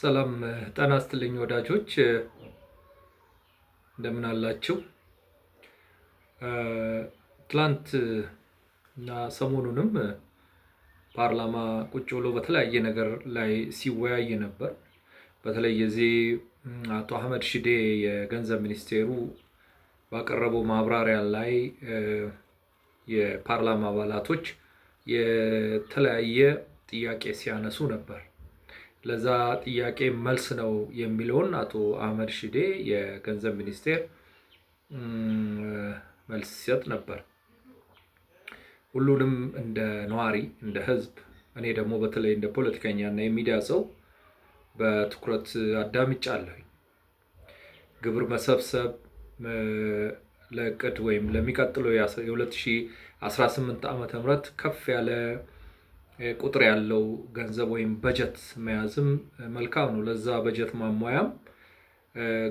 ሰላም ጤና ይስጥልኝ ወዳጆች፣ እንደምን አላችሁ? ትላንት እና ሰሞኑንም ፓርላማ ቁጭ ብሎ በተለያየ ነገር ላይ ሲወያይ ነበር። በተለይ የዚህ አቶ አህመድ ሽዴ የገንዘብ ሚኒስቴሩ ባቀረበው ማብራሪያ ላይ የፓርላማ አባላቶች የተለያየ ጥያቄ ሲያነሱ ነበር። ለዛ ጥያቄ መልስ ነው የሚለውን አቶ አህመድ ሽዴ የገንዘብ ሚኒስቴር መልስ ሲሰጥ ነበር። ሁሉንም እንደ ነዋሪ እንደ ህዝብ እኔ ደግሞ በተለይ እንደ ፖለቲከኛ እና የሚዲያ ሰው በትኩረት አዳምጫለሁ። ግብር መሰብሰብ ለእቅድ ወይም ለሚቀጥለው የ2018 ዓ.ም ከፍ ያለ ቁጥር ያለው ገንዘብ ወይም በጀት መያዝም መልካም ነው። ለዛ በጀት ማሟያም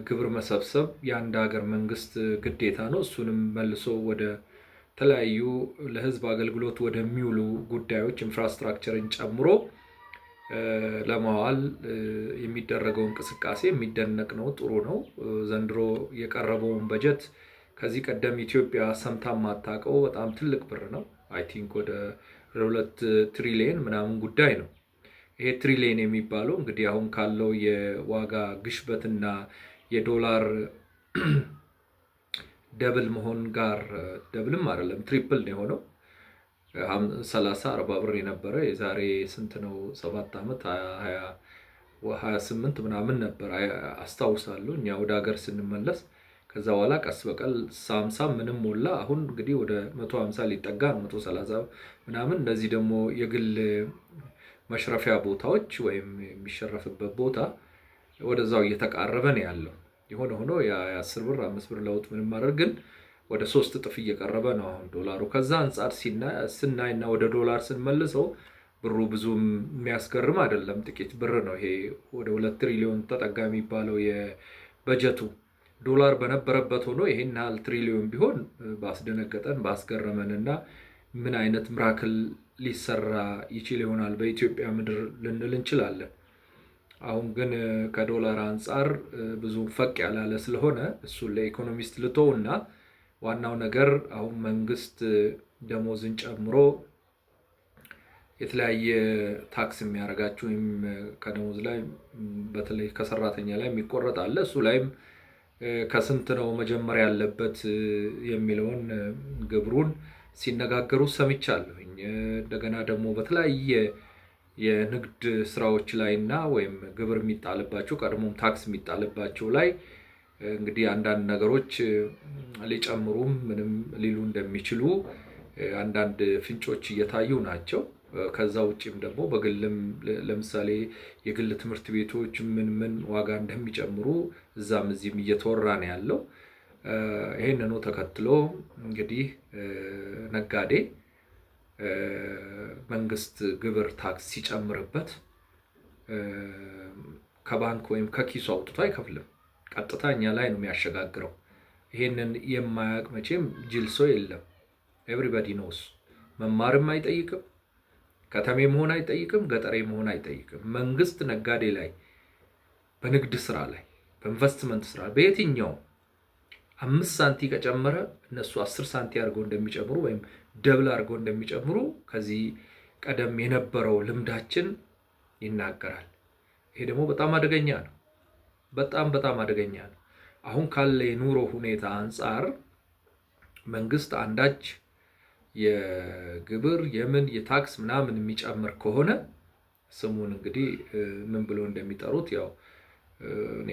ግብር መሰብሰብ የአንድ ሀገር መንግስት ግዴታ ነው። እሱንም መልሶ ወደ ተለያዩ ለህዝብ አገልግሎት ወደሚውሉ ጉዳዮች ኢንፍራስትራክቸርን ጨምሮ ለማዋል የሚደረገው እንቅስቃሴ የሚደነቅ ነው፣ ጥሩ ነው። ዘንድሮ የቀረበውን በጀት ከዚህ ቀደም ኢትዮጵያ ሰምታ ማታቀው በጣም ትልቅ ብር ነው አይ ቲንክ ወደ ሁለት ትሪሊየን ምናምን ጉዳይ ነው። ይሄ ትሪሊየን የሚባለው እንግዲህ አሁን ካለው የዋጋ ግሽበትና የዶላር ደብል መሆን ጋር ደብልም አይደለም ትሪፕል ነው የሆነው። ሰላሳ አርባ ብር የነበረ የዛሬ ስንት ነው ሰባት ዓመት ሀያ ስምንት ምናምን ነበር አስታውሳለሁ እኛ ወደ ሀገር ስንመለስ ከዛ በኋላ ቀስ በቀል ሳምሳ ምንም ሞላ። አሁን እንግዲህ ወደ መቶ ሀምሳ ሊጠጋ ነው መቶ ሰላሳ ምናምን። እነዚህ ደግሞ የግል መሽረፊያ ቦታዎች ወይም የሚሸረፍበት ቦታ ወደዛው እየተቃረበ ነው ያለው። የሆነ ሆኖ የአስር ብር አምስት ብር ለውጥ ምንም ማድረግ ግን ወደ ሶስት እጥፍ እየቀረበ ነው አሁን ዶላሩ። ከዛ አንጻር ስናይና ወደ ዶላር ስንመልሰው ብሩ ብዙ የሚያስገርም አይደለም፣ ጥቂት ብር ነው። ይሄ ወደ ሁለት ትሪሊዮን ተጠጋ የሚባለው የበጀቱ ዶላር በነበረበት ሆኖ ይሄን ያህል ትሪሊዮን ቢሆን ባስደነገጠን ባስገረመን እና ምን አይነት ምራክል ሊሰራ ይችል ይሆናል በኢትዮጵያ ምድር ልንል እንችላለን። አሁን ግን ከዶላር አንጻር ብዙ ፈቅ ያላለ ስለሆነ እሱን ለኢኮኖሚስት ልቶ እና ዋናው ነገር አሁን መንግስት ደሞዝን ጨምሮ የተለያየ ታክስ የሚያደርጋቸው ወይም ከደሞዝ ላይ በተለይ ከሰራተኛ ላይ የሚቆረጥ አለ እሱ ላይም ከስንት ነው መጀመር ያለበት የሚለውን ግብሩን ሲነጋገሩ ሰምቻለሁኝ። እንደገና ደግሞ በተለያየ የንግድ ስራዎች ላይ እና ወይም ግብር የሚጣልባቸው ቀድሞም ታክስ የሚጣልባቸው ላይ እንግዲህ አንዳንድ ነገሮች ሊጨምሩም ምንም ሊሉ እንደሚችሉ አንዳንድ ፍንጮች እየታዩ ናቸው። ከዛ ውጭም ደግሞ በግልም ለምሳሌ የግል ትምህርት ቤቶች ምን ምን ዋጋ እንደሚጨምሩ እዛም እዚህም እየተወራ ነው ያለው። ይህንኑ ተከትሎ እንግዲህ ነጋዴ መንግስት ግብር ታክስ ሲጨምርበት ከባንክ ወይም ከኪሱ አውጥቶ አይከፍልም። ቀጥታ እኛ ላይ ነው የሚያሸጋግረው። ይህንን የማያውቅ መቼም ጅል ሰው የለም። ኤቭሪባዲ ኖውስ መማርም አይጠይቅም ከተሜ መሆን አይጠይቅም፣ ገጠሬ መሆን አይጠይቅም። መንግስት ነጋዴ ላይ፣ በንግድ ስራ ላይ፣ በኢንቨስትመንት ስራ በየትኛው አምስት ሳንቲ ከጨመረ እነሱ አስር ሳንቲ አድርገው እንደሚጨምሩ ወይም ደብል አድርገው እንደሚጨምሩ ከዚህ ቀደም የነበረው ልምዳችን ይናገራል። ይሄ ደግሞ በጣም አደገኛ ነው። በጣም በጣም አደገኛ ነው። አሁን ካለ የኑሮ ሁኔታ አንጻር መንግስት አንዳች የግብር የምን የታክስ ምናምን የሚጨምር ከሆነ ስሙን እንግዲህ ምን ብሎ እንደሚጠሩት ያው እኔ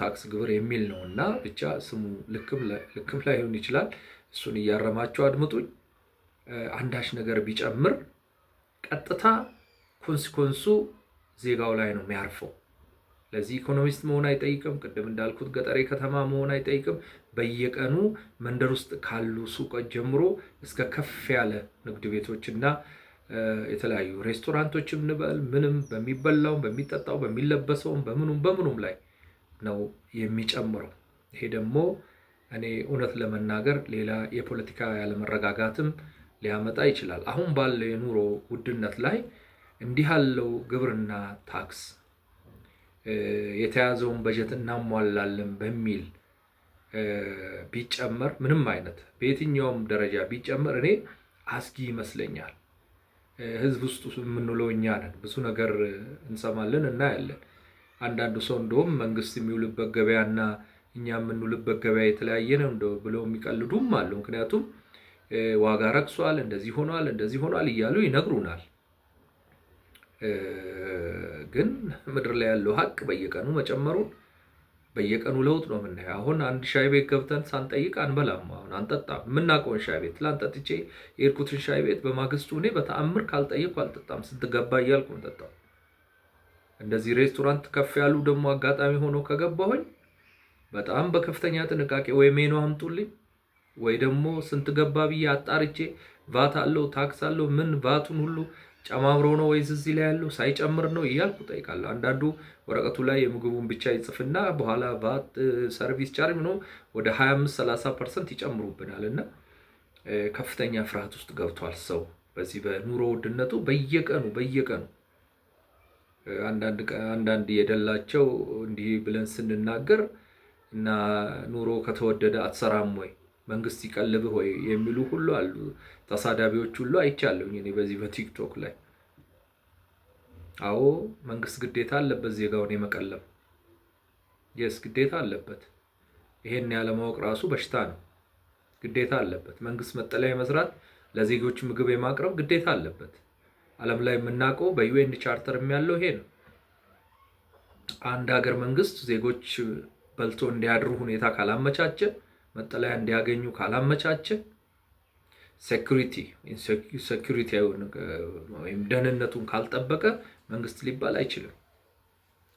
ታክስ ግብር የሚል ነው እና ብቻ ስሙ ልክም ላይሆን ይችላል። እሱን እያረማችሁ አድምጡኝ። አንዳች ነገር ቢጨምር ቀጥታ ኮንስኮንሱ ዜጋው ላይ ነው የሚያርፈው። ለዚህ ኢኮኖሚስት መሆን አይጠይቅም። ቅድም እንዳልኩት ገጠሬ ከተማ መሆን አይጠይቅም። በየቀኑ መንደር ውስጥ ካሉ ሱቆች ጀምሮ እስከ ከፍ ያለ ንግድ ቤቶችና የተለያዩ ሬስቶራንቶችም ንበል ምንም በሚበላውም በሚጠጣው በሚለበሰውም በምኑም በምኑም ላይ ነው የሚጨምረው። ይሄ ደግሞ እኔ እውነት ለመናገር ሌላ የፖለቲካ ያለመረጋጋትም ሊያመጣ ይችላል። አሁን ባለው የኑሮ ውድነት ላይ እንዲህ ያለው ግብርና ታክስ የተያዘውን በጀት እናሟላለን በሚል ቢጨመር ምንም አይነት በየትኛውም ደረጃ ቢጨመር እኔ አስጊ ይመስለኛል። ህዝብ ውስጥ የምንውለው እኛ ነን። ብዙ ነገር እንሰማለን፣ እናያለን። አንዳንዱ ሰው እንደውም መንግስት የሚውልበት ገበያና እኛ የምንውልበት ገበያ የተለያየ ነው እንደው ብለው የሚቀልዱም አሉ። ምክንያቱም ዋጋ ረግሷል፣ እንደዚህ ሆኗል፣ እንደዚህ ሆኗል እያሉ ይነግሩናል። ግን ምድር ላይ ያለው ሀቅ በየቀኑ መጨመሩን በየቀኑ ለውጥ ነው የምናየው። አሁን አንድ ሻይ ቤት ገብተን ሳንጠይቅ አንበላም፣ አሁን አንጠጣም። የምናውቀውን ሻይ ቤት ትላንት ጠጥቼ የሄድኩትን ሻይ ቤት በማግስቱ እኔ በተአምር ካልጠየቅኩ አልጠጣም። ስንት ገባ እያልኩ የምጠጣው እንደዚህ። ሬስቶራንት ከፍ ያሉ ደግሞ አጋጣሚ ሆኖ ከገባሁኝ በጣም በከፍተኛ ጥንቃቄ ወይ ሜኑ አምጡልኝ ወይ ደግሞ ስንት ገባ ብዬ አጣርቼ ቫት አለው ታክስ አለው ምን ቫቱን ሁሉ ጨማምሮ ነው ወይስ እዚህ ላይ ያለው ሳይጨምር ነው እያልኩ እጠይቃለሁ። አንዳንዱ ወረቀቱ ላይ የምግቡን ብቻ ይጽፍና በኋላ ቫት ሰርቪስ ቻርጅ ነው ወደ 25 30 ፐርሰንት ይጨምሩብናል እና ከፍተኛ ፍርሃት ውስጥ ገብቷል ሰው በዚህ በኑሮ ውድነቱ በየቀኑ በየቀኑ አንዳንድ የደላቸው እንዲህ ብለን ስንናገር እና ኑሮ ከተወደደ አትሰራም ወይ መንግስት ይቀልብህ ወይ የሚሉ ሁሉ አሉ። ተሳዳቢዎች ሁሉ አይቻለሁ እኔ በዚህ በቲክቶክ ላይ። አዎ መንግስት ግዴታ አለበት ዜጋውን የመቀለብ የስ ግዴታ አለበት። ይሄን ያለማወቅ ራሱ በሽታ ነው። ግዴታ አለበት። መንግስት መጠለያ የመስራት ለዜጎች ምግብ የማቅረብ ግዴታ አለበት። ዓለም ላይ የምናውቀው በዩኤን ቻርተርም ያለው ይሄ ነው። አንድ ሀገር መንግስት ዜጎች በልቶ እንዲያድሩ ሁኔታ ካላመቻቸ መጠለያ እንዲያገኙ ካላመቻቸ ሴኩሪቲ ሴኩሪቲ ወይም ደህንነቱን ካልጠበቀ መንግስት ሊባል አይችልም።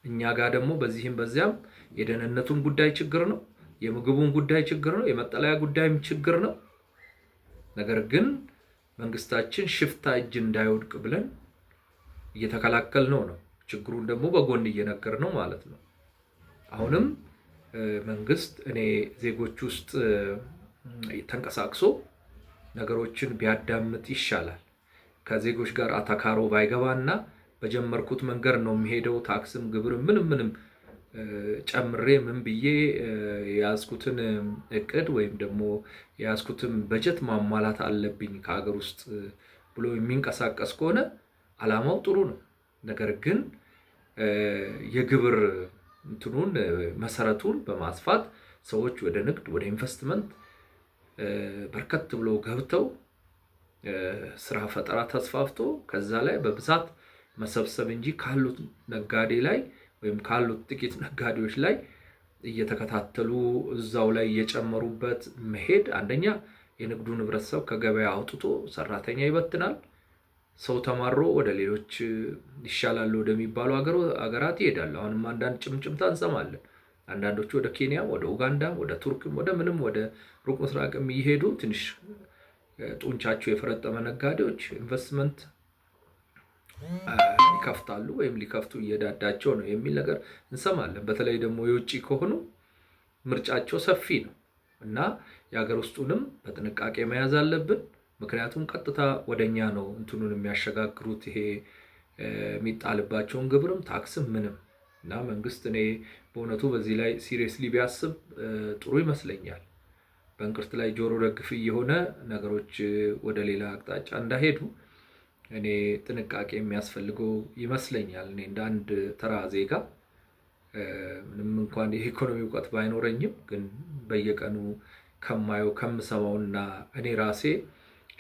እኛ ጋር ደግሞ በዚህም በዚያም የደህንነቱን ጉዳይ ችግር ነው፣ የምግቡን ጉዳይ ችግር ነው፣ የመጠለያ ጉዳይም ችግር ነው። ነገር ግን መንግስታችን ሽፍታ እጅ እንዳይወድቅ ብለን እየተከላከል ነው ነው ችግሩን ደግሞ በጎን እየነገር ነው ማለት ነው አሁንም መንግስት እኔ ዜጎች ውስጥ ተንቀሳቅሶ ነገሮችን ቢያዳምጥ ይሻላል። ከዜጎች ጋር አታካሮ ባይገባና በጀመርኩት መንገድ ነው የሚሄደው። ታክስም ግብርም ምንም ምንም ጨምሬ ምን ብዬ የያዝኩትን እቅድ ወይም ደግሞ የያዝኩትን በጀት ማሟላት አለብኝ ከሀገር ውስጥ ብሎ የሚንቀሳቀስ ከሆነ አላማው ጥሩ ነው። ነገር ግን የግብር እንትኑን መሰረቱን በማስፋት ሰዎች ወደ ንግድ ወደ ኢንቨስትመንት በርከት ብሎ ገብተው ስራ ፈጠራ ተስፋፍቶ ከዛ ላይ በብዛት መሰብሰብ እንጂ ካሉት ነጋዴ ላይ ወይም ካሉት ጥቂት ነጋዴዎች ላይ እየተከታተሉ እዛው ላይ እየጨመሩበት መሄድ አንደኛ የንግዱን ህብረተሰብ ከገበያ አውጥቶ ሰራተኛ ይበትናል። ሰው ተማሮ ወደ ሌሎች ይሻላሉ ወደሚባሉ ሀገራት ይሄዳሉ። አሁንም አንዳንድ ጭምጭምታ እንሰማለን። አንዳንዶቹ ወደ ኬንያም፣ ወደ ኡጋንዳም፣ ወደ ቱርክም፣ ወደ ምንም ወደ ሩቅ ምስራቅም እየሄዱ ትንሽ ጡንቻቸው የፈረጠመ ነጋዴዎች ኢንቨስትመንት ይከፍታሉ ወይም ሊከፍቱ እየዳዳቸው ነው የሚል ነገር እንሰማለን። በተለይ ደግሞ የውጭ ከሆኑ ምርጫቸው ሰፊ ነው እና የሀገር ውስጡንም በጥንቃቄ መያዝ አለብን። ምክንያቱም ቀጥታ ወደ እኛ ነው እንትኑን የሚያሸጋግሩት ይሄ የሚጣልባቸውን ግብርም ታክስም ምንም እና መንግስት እኔ በእውነቱ በዚህ ላይ ሲሪየስሊ ቢያስብ ጥሩ ይመስለኛል። በእንቅርት ላይ ጆሮ ደግፍ እየሆነ ነገሮች ወደ ሌላ አቅጣጫ እንዳሄዱ እኔ ጥንቃቄ የሚያስፈልገው ይመስለኛል። እኔ እንደ አንድ ተራ ዜጋ ምንም እንኳን የኢኮኖሚ እውቀት ባይኖረኝም ግን በየቀኑ ከማየው ከምሰማውና እኔ ራሴ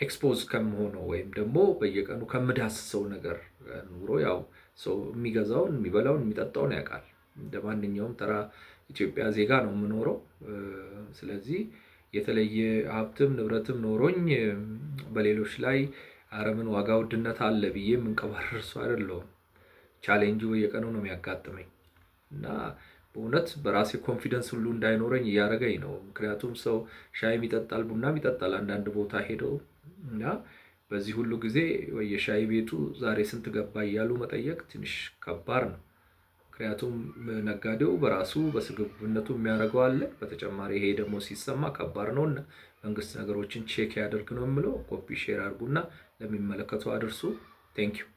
ኤክስፖዝ ከምሆነው ወይም ደግሞ በየቀኑ ከምዳስሰው ነገር ኑሮ ያው ሰው የሚገዛውን የሚበላውን የሚጠጣውን ያውቃል። እንደ ማንኛውም ተራ ኢትዮጵያ ዜጋ ነው የምኖረው። ስለዚህ የተለየ ሀብትም ንብረትም ኖሮኝ በሌሎች ላይ አረምን ዋጋ ውድነት አለ ብዬ የምንቀባረር ሰው አይደለሁም። ቻሌንጁ በየቀኑ ነው የሚያጋጥመኝ እና በእውነት በራሴ ኮንፊደንስ ሁሉ እንዳይኖረኝ እያደረገኝ ነው። ምክንያቱም ሰው ሻይም ይጠጣል ቡናም ይጠጣል አንዳንድ ቦታ ሄደው እና በዚህ ሁሉ ጊዜ የሻይ ቤቱ ዛሬ ስንት ገባ እያሉ መጠየቅ ትንሽ ከባድ ነው። ምክንያቱም ነጋዴው በራሱ በስግብነቱ የሚያደርገው አለ። በተጨማሪ ይሄ ደግሞ ሲሰማ ከባድ ነው እና መንግስት ነገሮችን ቼክ ያደርግ ነው የምለው። ኮፒ ሼር አድርጉና ለሚመለከተው አድርሱ። ቴንኪዩ